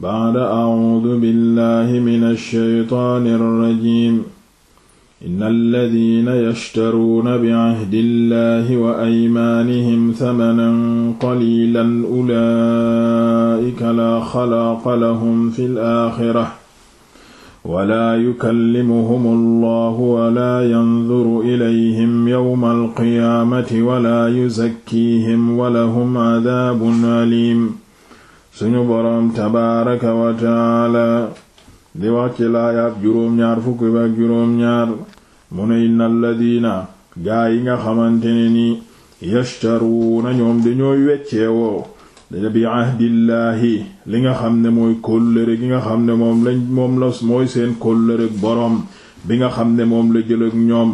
baada acuudu billahi min alsheytaani alrajim in alladina yashtaruuna bicahdi llahi wa aymaanihim tamanan qalilan ulaa'ika laa xalaaqa lahum fi laaxira wala yukallimuhum allahu wala yanduru ilayhim yowma alqiyaamati wala yuzakkiihim walahum cadaabun aliim suñu boroom tabaaraka wa taala di wax ci laayaab juróom-ñaar fukki ak juróom-ñaar mu ne inna alladiina gaa yi nga xamante ne ni yashtaruuna ñoom dañooy wecceewoo bi ahdillaahi li nga xam ne mooy kóllëre gi nga xam ne moom lañ la mooy seen kóllëre boroom bi nga xam ne moom la jël ak ñoom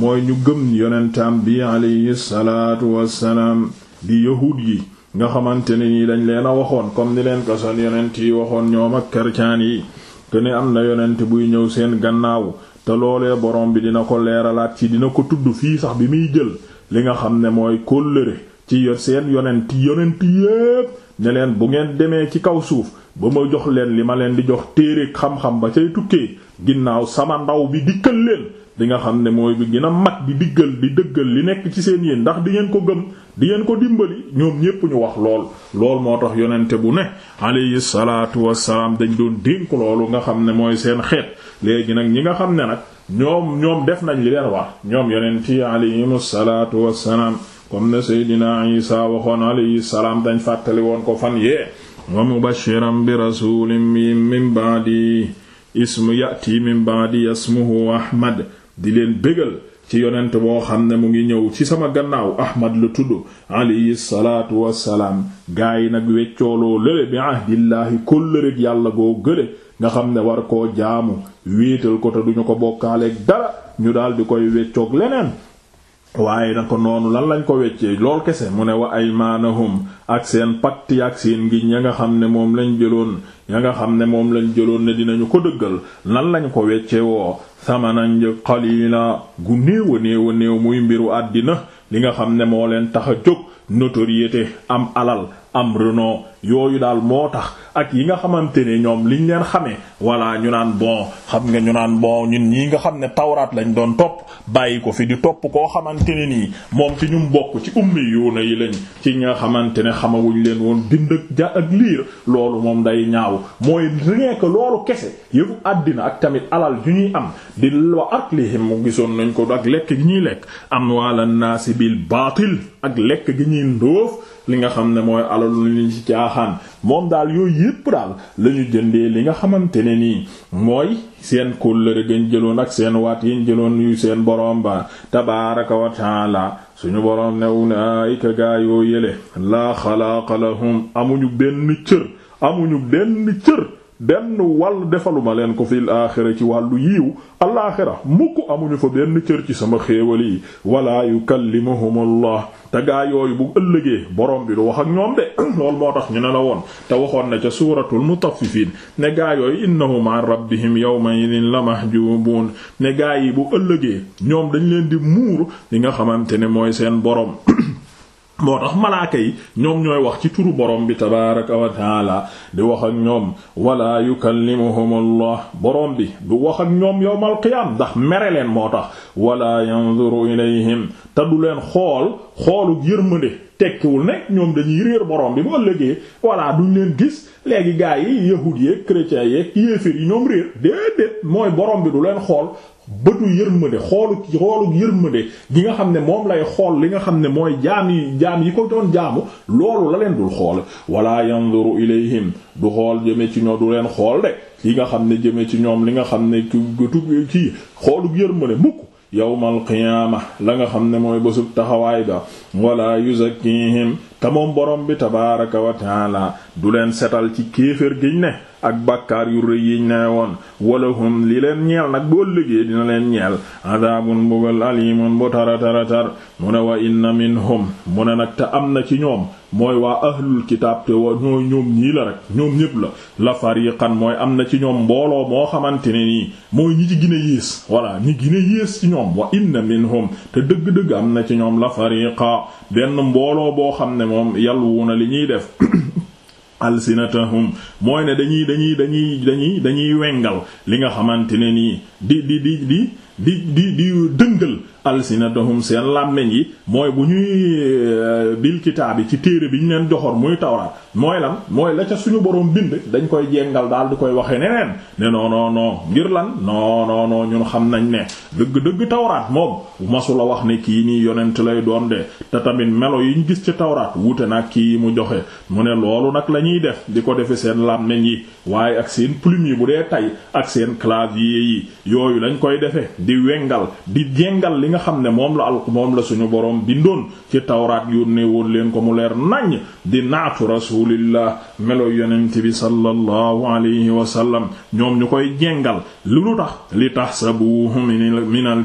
mooy ñu gëm yonentam bi alayhi salaatu wassalaam di yahuud yi nga xamante ne nii dañ leen a waxoon comme ni leen ko seen yonent yi waxoon ñoom ak kercaan yi te ne am na yonent buy ñëw seen gannaaw te loolee borom bi dina ko leeralaat ci dina ko tudd fii sax bi muy jël li nga xam ne mooy kóllëre ci seen yonent yonent yépp ne leen bu ngeen demee ci kaw suuf ba ma jox leen li ma leen di jox téere xam-xam ba cay tukkee ginnaaw sama ndaw bi dikkal leen di nga xam ne mooy bi gën a mag bi diggal li nekk ci seen yéen ndax di ngeen ko gëm di ngeen ko dimbali ñoom ñépp ñu wax lool lool moo tax yonente bu ne alayhi salaatu wassalaam dañ doon dénk loolu nga xam ne mooy seen xeet léegi nag ñi nga xam ne nag ñoom ñoom def nañ li leen wax ñoom yonent yi alayhimu salaatu wassalaam kon na Seydina Isa waxoon alayhi salaam dañ fàttali woon ko fan yee wa mubashiran bi rasulin min ba'di ismu ya'ti min ismuhu Ahmad di leen bégal ci yonent boo xam ne mu ngi ñëw ci sama gannaaw ahmad lu tudd alayhi salaatu wassalaam gaa yi nag weccooloo lële bi ahdillaahi kóllëreg yàlla goo gële nga xam ne war koo jaamu wéetal ko te duñu ko bokkaaleeg dara ñu daal di koy weccoog leneen waaye na ko noonu lan lañ ko weccee lool kese mu ne wa aymaanahum ak seen pacte ak seen ngiñ ya nga xam ne moom lañu jëloon ña nga xam ne moom lañ jëloon ne dinañu ko dëggal nan lañ ko wecce woo samanan qalila gu néew gu néew a néew muy mbiru àddina li nga xam ne moo leen tax a jóg notoriété am alal am renom yooyu daal moo tax ak yi nga xamante ne ñoom liñ leen xamee walla ñu naan bon xam nga ñu naan bon ñun ñii nga xam ne tawraat lañ doon topp bàyyi ko fi di topp koo xamante ne nii moom ci ñu bokk ci ummi yoona yi lañ ci ñi nga xamante ne xamawuñ leen woon bind ja ak loolu moom day ñaaw mooy rien loolu kese yëpp àddina ak tamit alal yu ñuy am di wa aklihim mu gisoon nañ ko ak lekk gi ñuy lekk amwaala naasi bil baatil ak lekk gi ñuy ndóof li nga xam ne mooy alal lu ñu ci caaxaan moom daal yooyu yépp daal la jëndee li nga xamante ne nii mooy seen kóllëre gañ jëloon ak seen waat yiñ jëloon yu seen borom ba tabaaraka wa taala suñu boroom ne ulaayika gaa yoo yële laa xalaaqa lahum amuñu benn cër amuñu benn cër benn wàllu defaluma leen ko fil aaxira ci wàllu yiiw alaaxira mukk amuñu fa benn cër ci sama xéewal yi wala yukallimuhumullah te gaa yooyu bu ëllëgee borom bi du wax ak ñoom de loolu moo tax ñu ne la woon te waxoon na ca suuratul mutaffifiin ne gaa yooyu innahum an rabbihim yawma idin la mahjubuun ne gaa yi bu ëllëgee ñoom dañ leen di muur li nga xamante ne mooy seen borom moo tax malaaka yi ñoom ñooy wax ci turu boroom bi tabaraka wa taala di wax ak ñoom wala yukallimuhum allah boroom bi du wax ak ñoom yowmal qiyaam ndax mere leen moo tax wala yanzuru ilayhim te du leen xool xoolu yërmande tekkiwul nekk ñoom dañuy réer borom bi bu ëllëgee wala duñ leen gis léegi gaa yi yahuud yeek chrétiens yeek yéeféer yi ñoom réer déedéet mooy boroom bi du leen xool bëtu yërmande xoolu xoolu yërmande gi nga xam ne moom lay xool li nga xam ne mooy jaam yi jaam yi ko doon jaamu loolu la leen dul xool wala yanzuru ilayhim du xool jëme ci ñoom du leen xool de li nga xam ne jëme ci ñoom li nga xam ne gëtu kii xoolu yërmande mukk yawmal qiyaama la nga xam ne mooy bésub taxawaay ba wala yuzakkihim te borom bi tabaaraka wa du leen setal ci kéefër giñ ne ak bàkkaar yu rëy yiñ ne woon walahum li leen ñeel nag boo liggéey dina leen ñeel adabun mbugal alimun bu tara tara tar mu ne wa inna minhum mu ne nag te am na ci ñoom mooy waa ahlul kitaab te wa ñooy ñoom ñii la rek ñoom ñépp la la fariqan mooy am na ci ñoom mbooloo moo xamante ne nii mooy ñi ci gine yées voilà ñi gine yées ci ñoom wa inna minhum te dëgg-dëgg am na ci ñoom la fariqa benn mbooloo boo xam ne moom na li ñuy def alsinatahum mooy ne dañuy dañuy dañuy dañuy dañuy wengal li nga xamante ne nii di di di di di di di dëngal alsinatahum seen làmmeñ yi mooy bu ñuy euh, bil kitaabi ci téere bi ñu leen joxoon muy tawraat mooy lan mooy la ca suñu boroom bind dañ koy jengal daal di koy waxee neneen ne non noo ngir lan noo noo noo ñun xam nañ ne dëgg-dëgg tawraat moom masula wax ne kii nii yonent lay doon de te tamit melo yi ñu gis ci tawraat wuute nag kii mu joxe mu ne loolu nag la ñuy def di ko defe seen làmmeñ yi waaye ak seen plume yi bu dee tey ak seen clavier yi yooyu lañ nga xam ne moom la al moom la suñu boroom bindoon ci tawraat yónnee woon leen ko mu leer nañ di naatu rasulillah melo yonent bi sallallahu alayhi wa sallam ñoom ñu koy jengal lu lu tax li tahsabuhu min al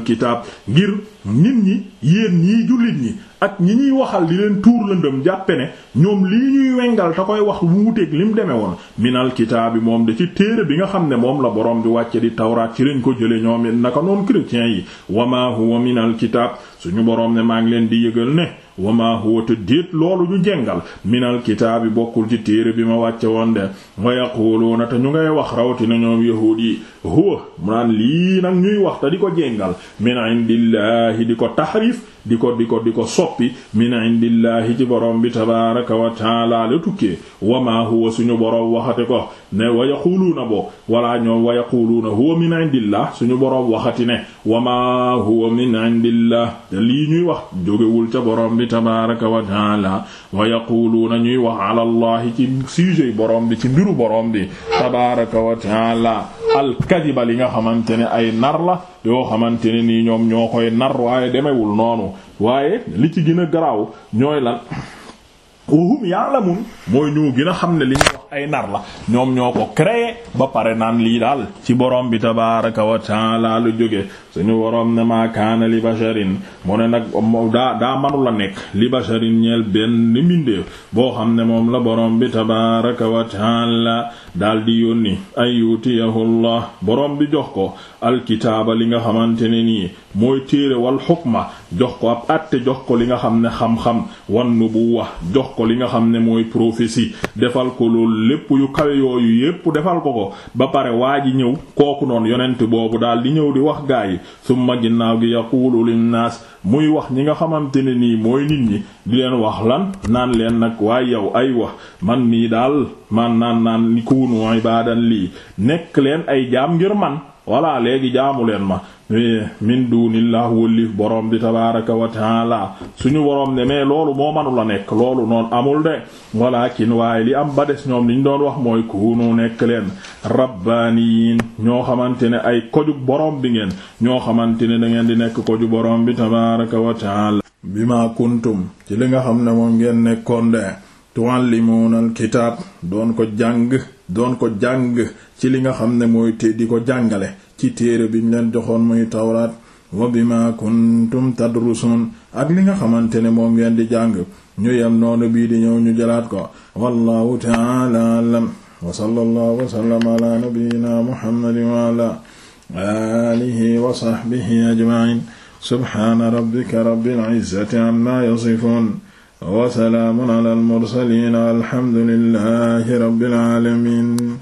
ngir nit ñi yéen ñii jullit ñi ak ñi ñuy waxal di leen tuur lëndëm jàppe ne ñoom lii ñuy wengal te koy wax bu wuteeg li mu demee woon minal kitaabi moom da ci téere bi nga xam ne moom la borom bi wàcce di tawraat ci lañ ko jële ñoom it naka noon chrétiens yi wama huwa minal kitaab suñu borom ne maa ngi leen di yëgal ne wama huwa te déet loolu ñu jengal minal kitaabi bokkul ci téere bi ma wàcce woon de wa yaquluuna te ñu ngay wax rawatina ñoom yahuud yi huwa mu naan lii nag ñuy wax te di ko jengal min indillahi di ko tahrif di ko di ko di ko soppi min indillahi ci borom bi tabaraka wa taala la tukkee wa maa huwa suñu borom waxati ko ne wa yaquluuna bo walaa ñoom wa yaquluuna huwa min indillah suñu borom waxati ne wa maa huwa min indillah te lii ñuy wax jógewul ca borom bi tabaraka wa taala wa yaquluuna ñuy wax ala allahi ci sujet borom bi ci mbiru borom bi wa taala alkadiba li nga xamante ne ay nar la yoo xamante ne nii ñoom ñoo koy nar waaye demewul noonu waaye li ci gën a garaaw ñooy lan uhum ya'lamun mooy ñu gën xam ne li ñu wax ay nar la ñoom ñoo ko créé ba pare naan lii daal ci borom bi tabaraka wa la lu jóge suñu borom ne maa kaana li basharin mu ne nag daa manu la nekk li basharin ñeel benn mbindeef boo xam ne moom la borom bi tabaraka wa taala daldi yónni ay yutiyahullah boroom bi jox ko alkitaaba li nga xamante ne nii mooy téere wal xukma jox ko ab àtte jox ko li nga xam ne xam-xam wan wax jox ko li nga xam ne mooy prophétie defal ko loolu lépp yu kawe yooyu yépp defal ko ko ba pare waa ji ñëw kooku noonu yonent boobu daldi ñëw di wax gaa yi summa ginnaaw gi yaqulu linnaas muy wax ñi nga xamante ne nii mooy nit ñi di leen wax lan naan leen nag waaye yow ay wax man mii daal man naan naan kuunu ibadan lii nekk leen ay jaam ngir man walla léegi jaamu leen ma min dunillah wëllif borom bi tabaraka wa taala suñu borom ne mais loolu moo manu nekk loolu noonu amul de walakin waaye li am ba des ñoom liñ doon wax mooy kuunu nekk leen rabbaaniyiin ñoo xamante ne ay koju borom bi ngeen ñoo xamante ne da ngeen di nekk koju borom bi tabaraka wa taala bima kuntum ci li nga xam ne moom ngeen nekkoon tuallimuuna alkitaab doon ko jàng doon ko jàng ci li nga xam ne mooy te di ko jàngale ci téere bi ñu leen joxoon muy tawraat wa bima kuntum tadrusuun ak li nga xamante ne moom ngeen di jàng ñu yem noonu bii di ñëw ñu jëlaat ko wallahu ta'ala a'lam wa sallallahu wa sallama ala nabiyyina muhammadin wa ala alihi wa sahbihi ajma'in subhana rabbika rabbil izzati amma yasifun wa salaamun ala al mursaliin alhamdulillahi rabbil aalamiin